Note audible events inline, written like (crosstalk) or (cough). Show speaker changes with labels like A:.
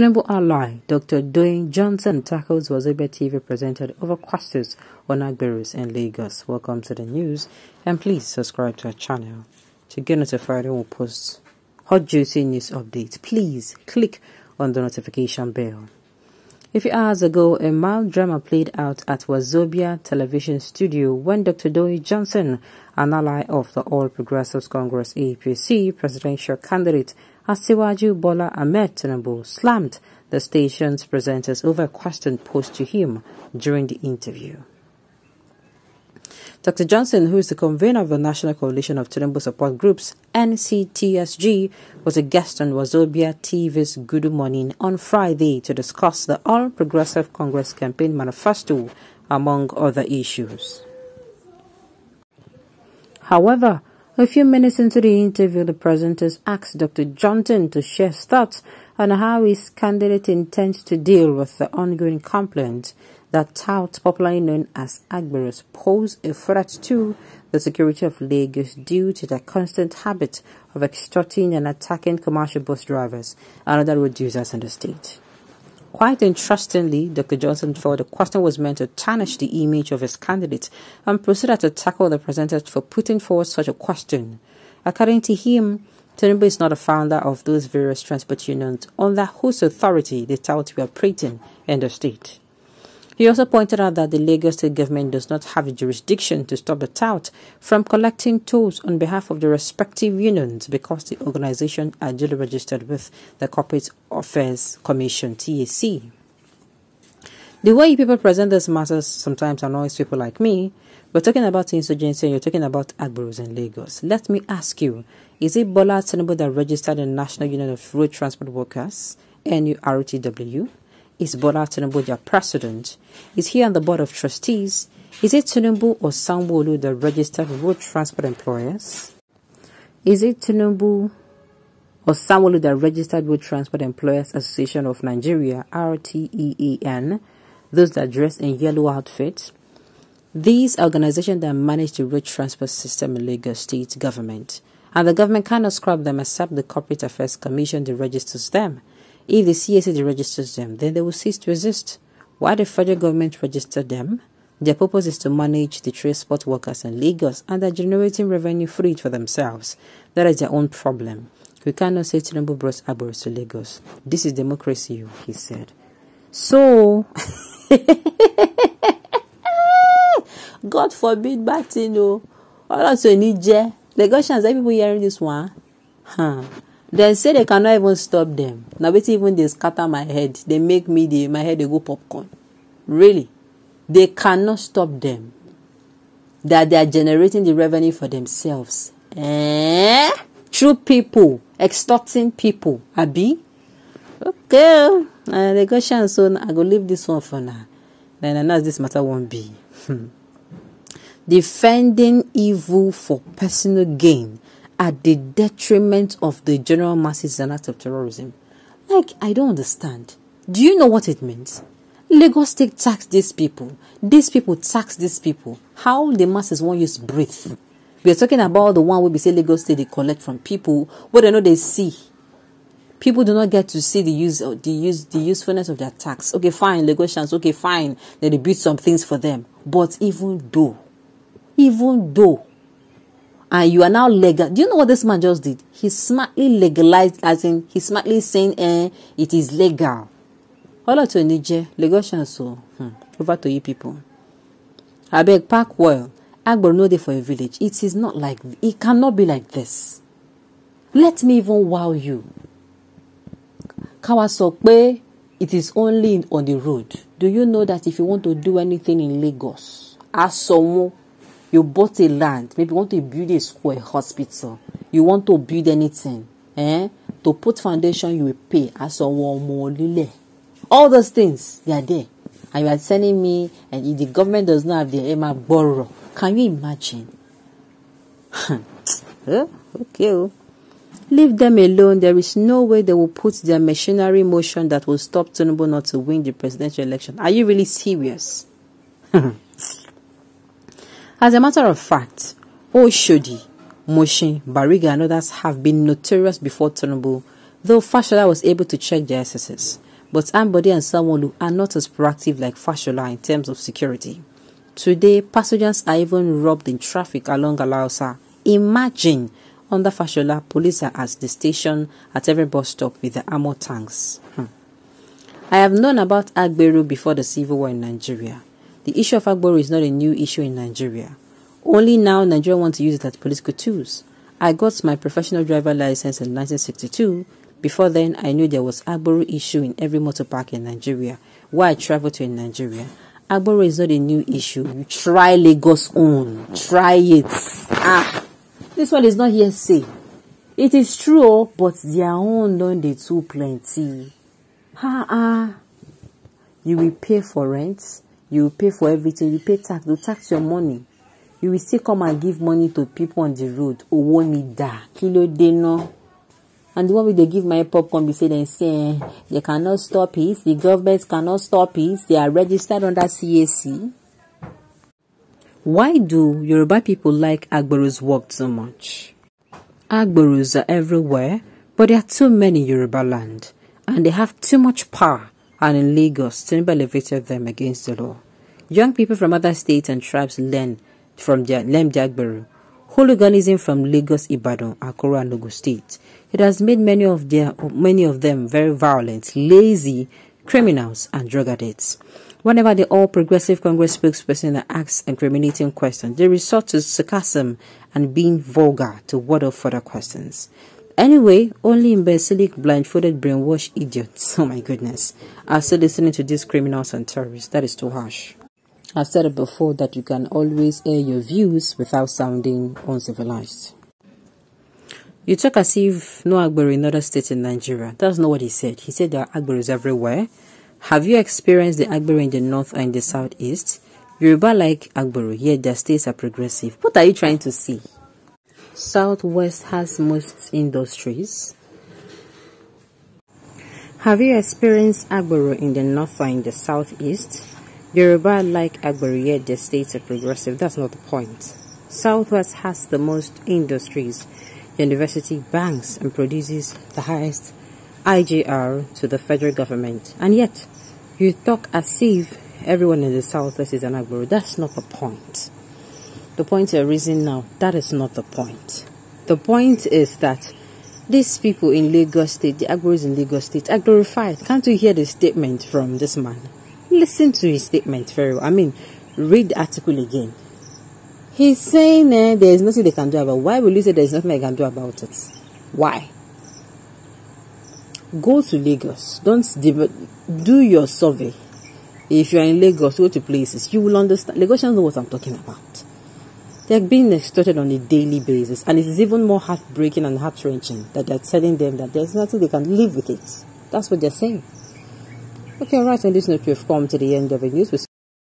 A: Tinubu ally, Dr. Doy Johnson, tackles Wazobia TV presented over questions on Agberus in Lagos. Welcome to the news and please subscribe to our channel. To get notified on we post hot juicy news updates, please click on the notification bell. A few hours ago, a mild drama played out at Wazobia Television Studio when Dr. Doe Johnson, an ally of the All Progressives Congress APC presidential candidate Asiwaju Bola Ahmed Tinubu slammed the station's presenters over a question posed to him during the interview. Dr. Johnson, who is the convener of the National Coalition of Tinubu Support Groups, NCTSG, was a guest on Wazobia TV's Good Morning on Friday to discuss the All Progressive Congress Campaign Manifesto, among other issues. However, a few minutes into the interview, the presenters asked Dr. Johnson to share his thoughts on how his candidate intends to deal with the ongoing complaint that tout, popularly known as Agberos, pose a threat to the security of Lagos due to their constant habit of extorting and attacking commercial bus drivers and other road users in the state. Quite interestingly, Dr. Johnson felt the question was meant to tarnish the image of his candidate and proceeded to tackle the presenter for putting forward such a question. According to him, Tinubu is not a founder of those various transport unions under whose authority they tout to be operating in the state. He also pointed out that the Lagos state government does not have jurisdiction to stop the tout from collecting tolls on behalf of the respective unions because the organization are duly registered with the Corporate Affairs Commission TAC. The way people present these matters sometimes annoys people like me. We're talking about insurgency and you're talking about Agboros in Lagos. Let me ask you, is it Bola Tinubu that registered the National Union of Road Transport Workers, NURTW? Is Bola Tinubu their president? Is he on the board of trustees? Is it Tinubu or sanwo the registered road transport employers? Is it Tinubu or sanwo the registered road transport employers association of Nigeria (RTEAN)? Those that dress in yellow outfits. These organizations that manage the road transport system in Lagos State government, and the government cannot scrap them except the Corporate Affairs Commission that registers them. If the CSA registers them, then they will cease to exist. Why the federal government registers them, their purpose is to manage the transport workers in Lagos and are generating revenue for it for themselves. That is their own problem. We cannot say Tinubu brought Abos to Lagos. This is democracy, he said. So, (laughs) God forbid bad thing, oh. All also, Niger. Lagosians, are people hearing this one? Huh. They say they cannot even stop them. Now, wetin even they scatter my head they make me dey my head They go popcorn really they cannot stop them. that they are generating the revenue for themselves eh people extorting people abi okay i uh, dey go chance so i go leave this one for now then i know as this matter won't be hmm. defending evil for personal gain at the detriment of the general masses and act of terrorism. Like, I don't understand. Do you know what it means? Lagos State tax these people. These people tax these people. How the masses won't use breathe. We are talking about the one where we say Lagos State they collect from people what they know they see. People do not get to see the use of the use the usefulness of their tax. Okay, fine, Lagosians, okay, fine. Then they build some things for them. But even though, even though and you are now legal. Do you know what this man just did? He smartly legalized, as in he smartly saying, eh, it is legal. Hola to Nije, Lagosian so. Hmm. Over to you people. I beg pack well. Agbor no dey for your village. It is not like it cannot be like this. Let me even wow you. Káwa sọ pé it is only on the road. Do you know that if you want to do anything in Lagos, aṣọ wọn you bought a land maybe you want to build a school a hospital you want to build anything eh to put foundation you will pay asanwó ọmọ there. all those things they are there and you are telling me and if the government does not have the ẹ máa can you imagine (laughs) okay Oh. Leave them alone. There is no way they will put their machinery motion that will stop Tinubu not to win the presidential election. Are you really serious? (laughs) As a matter of fact, Oshodi, Moshin, Bariga, and others have been notorious before Turnbull, though Fashola was able to check their excesses. But Ambody and Samolu are not as proactive like Fashola in terms of security. Today, passengers are even robbed in traffic along Alausa. Imagine under Fashola, police are at the station at every bus stop with the armor tanks. Hmm. I have known about Agberu before the civil war in Nigeria. The issue of Agboro is not a new issue in Nigeria. Only now Nigeria wants to use it as political tools. I got my professional driver license in 1962. Before then, I knew there was Agboro issue in every motor park in Nigeria, where I travel to in Nigeria. Agboro is not a new issue. You try Lagos on. Try it. Ah, this one is not hearsay. It is true, oh, but their own don't they too plenty. Ha ah. You will pay for rent you pay for everything. You pay tax. You tax your money. You will still come and give money to people on the road. Owó mi dà kí dé náà. And the one wey they give my popcorn we say they say they cannot stop it. The government cannot stop it. They are registered under CAC. Why do Yoruba people like Agboro's work so much? Agboros are everywhere, but there are too many Yoruba land, and they have too much power and in Lagos, Tinubu elevated them against the law. Young people from other states and tribes learn from their Lem Jagberu, hooliganism from Lagos, Ibadan, Akura, and Lagos State. It has made many of their many of them very violent, lazy, criminals, and drug addicts. Whenever the All Progressive Congress spokesperson asks incriminating questions, they resort to sarcasm and being vulgar to ward off further questions. Anyway, only imbecilic, blindfolded, brainwashed idiots. Oh my goodness. Are still listening to these criminals and terrorists. That is too harsh. I've said it before that you can always air your views without sounding uncivilized. You talk as if no Agbero in other states in Nigeria. That's not what he said. He said there are Agberos everywhere. Have you experienced the Agbero in the north or in the southeast? Yoruba like Agbero, yet their states are progressive. What are you trying to see? Southwest has most industries. Have you experienced Agboro in the north or in the southeast? Yoruba like Agboro yet the states are progressive. That's not the point. Southwest has the most industries, university banks, and produces the highest IGR to the federal government. And yet, you talk as if everyone in the southwest is an Agboro. That's not the point the point you're raising now, that is not the point. The point is that these people in Lagos State, the Agboros in Lagos State, are glorified. Can't you hear the statement from this man? Listen to his statement very well. I mean, read the article again. He's saying eh, there is nothing they can do about it. Why will you say there is nothing they can do about it? Why? Go to Lagos. Don't do your survey. If you are in Lagos, go to places. You will understand. Lagosians know what I'm talking about. They are being extorted on a daily basis, and it is even more heartbreaking and heart wrenching that they're telling them that there's nothing they can live with it. That's what they're saying. Okay, all right, and this note, we have come to the end of the news.